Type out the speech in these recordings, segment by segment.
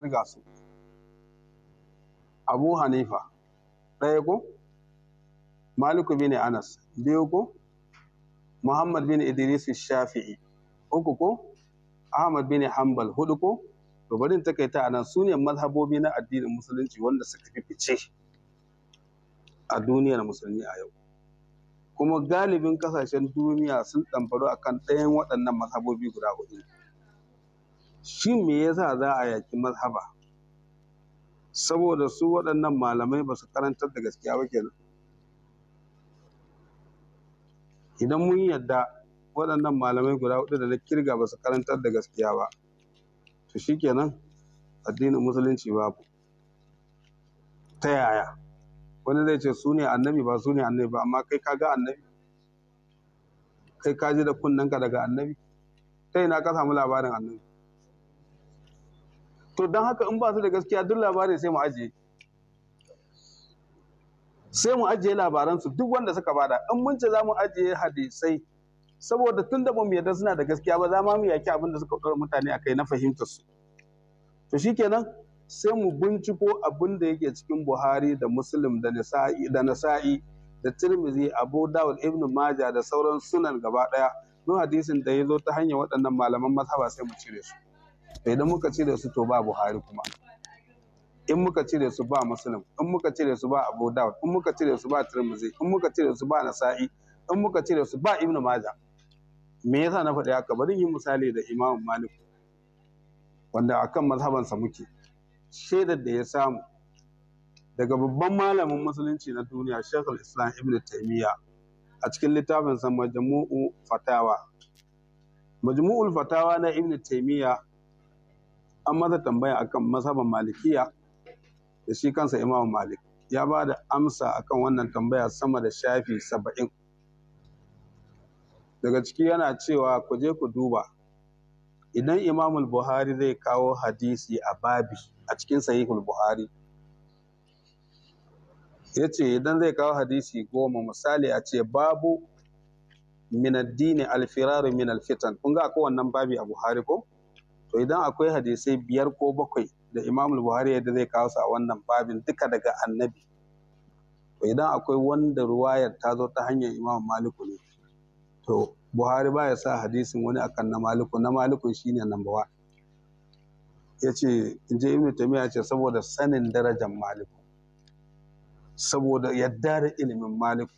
kirga su abu hanifa ɗaya ko maliku bin anas biyu ko muhammad bin idris shafi'i uku ko ahmad bin hanbal hudu ko to barin takaita anan su ne mazhabobi na addinin musulunci wanda suka fi fice a duniyar musulmi a yau kuma galibin kasashen duniya sun ɗamfaru akan ɗayan waɗannan mazhabobi guda hudu shin me yasa za a yaƙi mazhaba saboda su waɗannan malamai ba su karantar da gaskiya ba kenan idan mun yadda waɗannan malamai guda hudu da na kirga ba su karantar da gaskiya ba to shikenan addinin musulunci babu ta yaya wani zai ce su ne annabi ba su ne annabi ba amma kai ka ga annabi kai ka ji da kunnenka daga annabi ta ina ka samu labarin annabi to don haka in ba su da gaskiya duk labarin sai mu ajiye sai mu ajiye labaransu duk wanda suka bada in mun ce za mu ajiye hadisai saboda tun da bamu yarda suna da gaskiya ba za mu yaki abin da suka ɗora mutane a kai na fahimtar su to shikenan sai mu binciko abin da yake cikin Buhari da Muslim da Nisa'i da Nasa'i da Tirmidhi Abu Dawud Ibn Majah da sauran sunan gaba daya no hadisin da ya zo ta hanyar waɗannan malaman mazhaba sai mu cire su idan muka cire su to ba buhari kuma in muka cire su ba muslim in muka cire su ba abu dawud in muka cire su ba tirmidhi in muka cire su ba nasa'i in muka cire su ba ibnu maja me yasa na faɗi haka bari yi misali da imam malik wanda akan mazhaban sa muke shaidar da ya samu daga babban malamin musulunci na duniya shekul islam ibn Taymiya, a cikin littafinsa majmu'u fatawa majmu'ul fatawa na ibn taimiyya an masa tambaya akan mazhaban malikiya da shi kansa imam malik ya ba da amsa akan wannan tambaya sama da shafi saba'in daga ciki yana cewa ku je ku duba idan imamul buhari zai kawo hadisi a babi a cikin sahihul buhari ya ce idan zai kawo hadisi goma misali a ce babu minaddini alfirari min alfitan kun ga akwai wannan babi a buhari ko to idan akwai hadisai biyar ko bakwai da imam buhari yadda zai kawo su a wannan babin duka daga annabi to idan akwai wanda ruwayar ta zo ta hanyar imam maliku ne to buhari ba ya sa hadisin wani akan na maliku na malikun shine number one ya ce je ibnu tamiya ce saboda sanin darajar maliku saboda yadda da ilimin maliku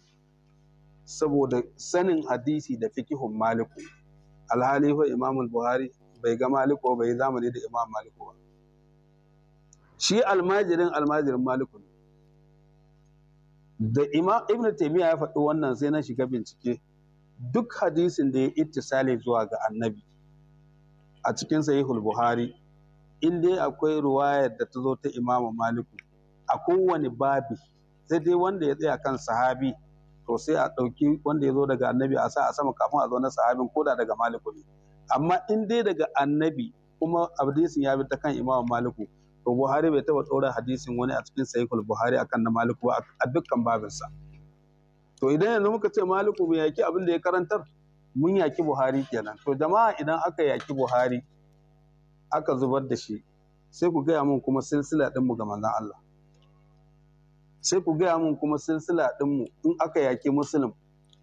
saboda sanin hadisi da fikihun maliku alhali fa imam buhari bai ga maliko bai zamani da imam maliko ba shi almajirin almajirin maliko ne da imam ibn taimiyya ya faɗi wannan sai na shiga bincike duk hadisin da ya ittisali zuwa ga annabi a cikin sahihul buhari in dai akwai ruwayar da ta zo ta imam maliku a kowane babi sai dai wanda ya tsaya kan sahabi to sai a ɗauki wanda ya zo daga annabi a sa a sama kafin a zo na sahabin koda daga maliku ne amma in dai daga annabi kuma hadisin ya bi ta kan imamu maliku to buhari bai taba tsoron hadisin wani a cikin sahihul buhari akan na maliku ba a dukkan babinsa to idan yanzu muka ce maliku mai yaki abin da ya karantar mun yaki buhari kenan to jama'a idan aka yaki buhari aka zubar da shi sai ku gaya mun kuma silsila dinmu ga manzon Allah sai ku gaya mun kuma silsila dinmu in aka yaki musulun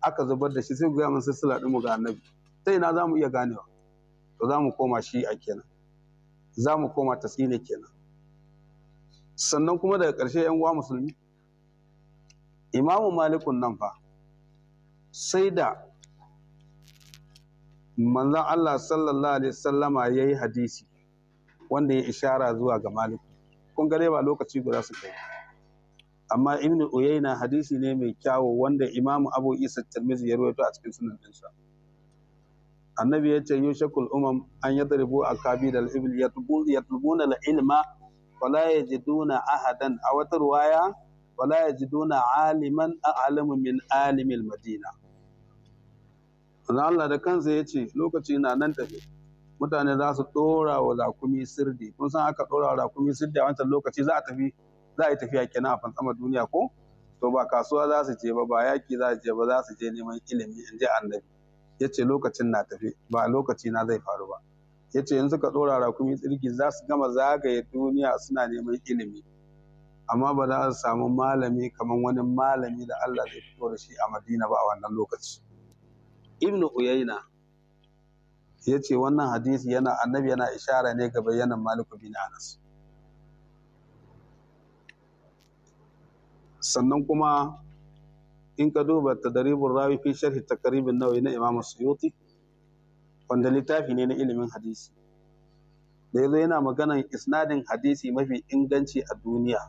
aka zubar da shi sai ku gaya mun silsila dinmu ga annabi Sai na za mu iya ganewa to za mu koma shi a kenan za mu koma tasila kenan sannan kuma daga ƙarshe yan uwa musulmi imamu malikun nan fa sai da manzan Allah sallallahu alaihi sallama ya yi hadisi wanda ya ishara zuwa ga maliku kun gare ba lokaci guda su kai amma ibn uyayna hadisi ne mai kyawo wanda imamu abu isa talmizi ya rawaito a cikin sunan dinsa annabi ya ce yushakul umam an yadribu akabid al-ibil yatlubuna al-ilma wala yajiduna ahadan a wata ruwaya wala yajiduna aliman a'lamu min alimil madina Allah da kansa ya ce lokaci na nan tafi mutane za su ɗora wa rakumi sirdi kun san aka ɗora wa rakumi sirdi a wancan lokaci za a tafi za a yi tafiya kenan a fantsama duniya ko to ba kasuwa za su je ba ba yaki za su je ba za su je neman ilimi in ji annabi ya ce lokacin na tafi ba lokaci na zai faru ba ya ce yanzu ka ɗora rakumi tsirgi, za su gama zagaye duniya suna neman ilimi amma ba za su samu malami kamar wani malami da Allah zai fito da shi a Madina ba a wannan lokaci Ibn Uyayna ya ce wannan hadisi yana annabi yana ishara ne ga bayanan maliku bin Anas sannan kuma in ka duba tadribur rawi fi sharhi taqribin nawawi na imam suyuti wanda littafi ne na ilimin hadisi da yazo yana maganan isnadin hadisi mafi inganci a duniya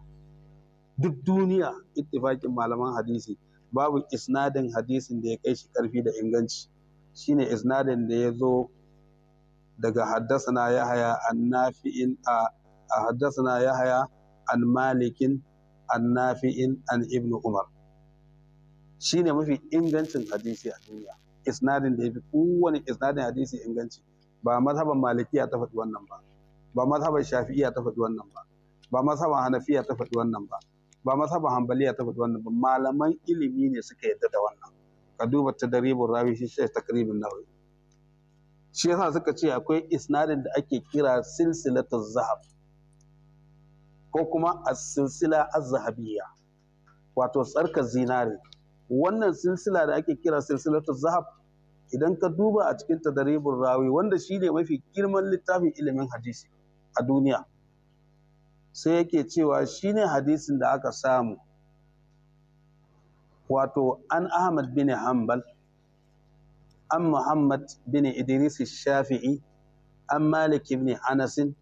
duk duniya ittifakin malaman hadisi babu isnadin hadisin da ya kai shi karfi da inganci shine isnadin da ya zo daga haddasana yahaya an nafi'in a haddasana yahaya an malikin an nafi'in an ibnu umar shine mafi ingancin hadisi a duniya isnadin da yafi kowane isnadin hadisi inganci ba mazhaban malikiya ta faɗi wannan ba ba mazhaban shafi'iya ta faɗi wannan ba ba mazhaban hanafiya ta faɗi wannan ba ba mazhaban hanbaliya ta faɗi wannan ba malaman ilimi ne suka yadda da wannan ka duba tadribul rawi shi sai takribin nawawi shi yasa suka ce akwai isnadin da ake kira silsilatul zahab ko kuma as-silsila az-zahabiyya wato tsarkar zinare wannan silsila da ake kira silsilatu zahab idan ka duba a cikin tadaribul rawi wanda shine mafi girman littafin ilimin hadisi a duniya sai yake cewa shine hadisin da aka samu wato an ahmad bin hanbal an muhammad bin idris shafi'i an malik bin anasin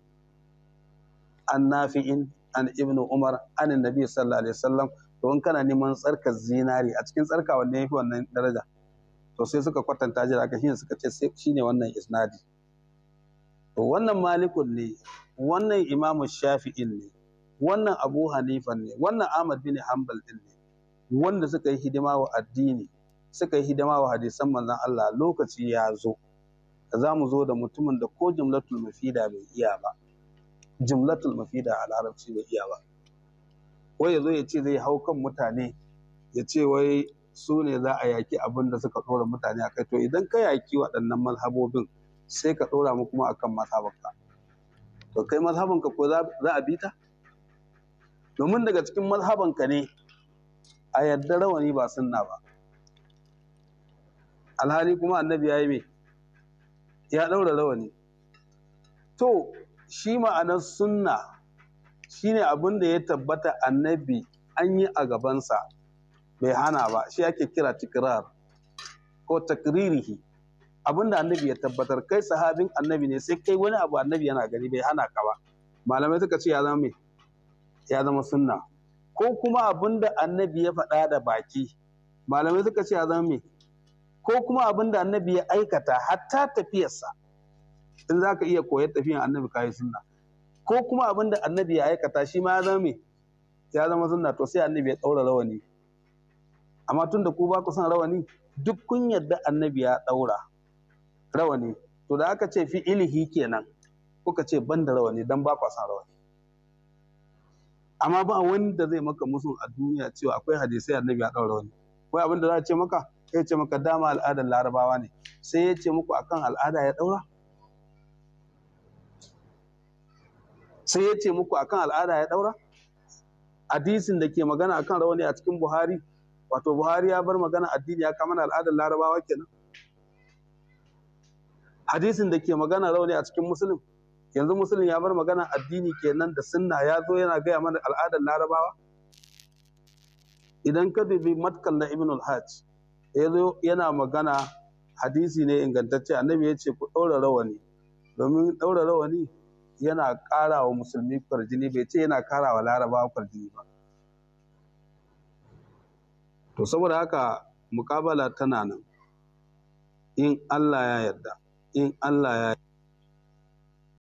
an nafi'in an ibnu umar an nabi sallallahu alaihi wasallam to in kana neman tsarkar zinari a cikin tsarka wanda ya fi wannan daraja to sai suka kwatanta jira aka shine suka ce ne wannan isnadi to wannan malikun ne wannan imamu shafi'in ne wannan abu hanifan ne wannan ahmad bin hanbal din ne wanda suka yi hidima wa addini suka yi hidima wa hadisan manzon Allah lokaci ya zo za mu zo da mutumin da ko jumlatul mafida bai iya ba jumlatul mafida a larabci bai iya ba wai ya zo ya ce zai hau kan mutane ya ce wai su ne za a yaki abin da suka ɗora mutane a kai to idan ka yaki waɗannan mazhabobin sai ka ɗora mu kuma akan mazhabanka to kai mazhabanka ko za a bi ta domin daga cikin mazhabanka ne a yadda rawani ba sunna ba alhali kuma annabi ya yi me ya ɗaura rawani to shi ma'anar sunna shine abin da ya tabbata annabi an yi a gabansa bai hana ba shi ake kira tikrar ko takririhi abin da annabi ya tabbatar kai sahabin annabi ne sai kai wani abu annabi yana gani bai hana ka ba malamai suka ce ya zama ya zama sunna ko kuma abin da annabi ya faɗa da baki malamai suka ce ya zama mai ko kuma abin da annabi ya aikata hatta tafiyarsa in za ka iya koyar tafiyan annabi kayi sunna ko kuma abin da annabi ya aikata shi ma ya zama me ya zama sunna to sai annabi ya daura rawani amma tun da ku ba ku son rawani duk kun yadda annabi ya daura rawani to da aka ce fi ilihi kenan kuka ce ban da rawani dan ba ku san rawani amma ba wanda zai maka musu a duniya cewa akwai hadisi annabi ya daura rawani akwai abin da za a ce maka ya ce maka dama al'adar larabawa ne sai ya ce muku akan al'ada ya daura sai ya ce muku akan al'ada ya daura hadisin da ke magana akan rawani a cikin buhari wato buhari ya bar magana addini ya kama al'adar larabawa kenan hadisin da ke magana rawani a cikin musulun yanzu musulun ya bar magana addini kenan da sunna ya zo yana gaya mana al'adar larabawa idan ka dubi matkal na ibn al-hajj yana magana hadisi ne ingantacce annabi ya ce ku ɗaura rawani domin ɗaura rawani yana ƙara wa musulmi kwarjini bai ce yana ƙara wa laraba kwarjini ba to saboda haka mukabala tana nan in allah ya yarda in allah ya